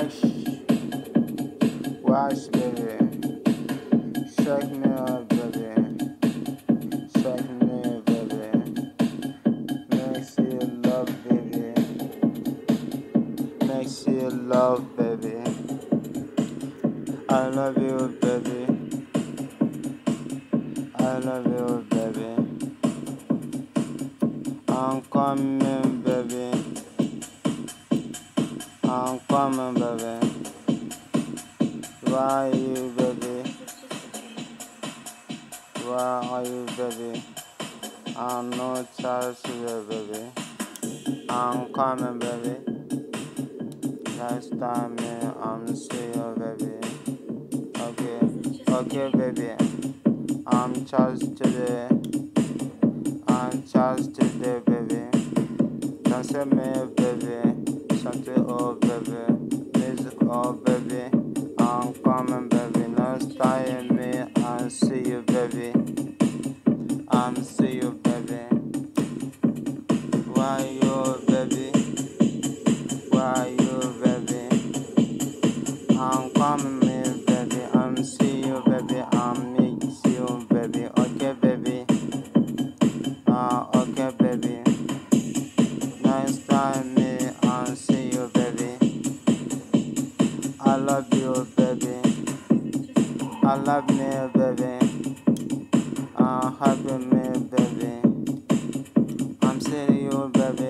watch, watch, baby. Suck me up, baby. Suck me baby. Makes you love, baby. Makes you love, baby. I love you, baby. I love you, baby. I'm coming, baby. I'm coming, baby. Where are you, baby? Where are you, baby? I'm no child today, baby. I'm coming, baby. Last time, I'm see you, baby. Okay, okay, baby. I'm charged today. I'm charged today, baby. Don't say me, baby. Shante oh baby, music oh baby, I'm coming baby, no styling me, I see you baby, I am see you baby. Why you baby? Why you baby? I'm coming. love you, baby. I love me, baby. I'm uh, happy me, baby. I'm seeing you, baby.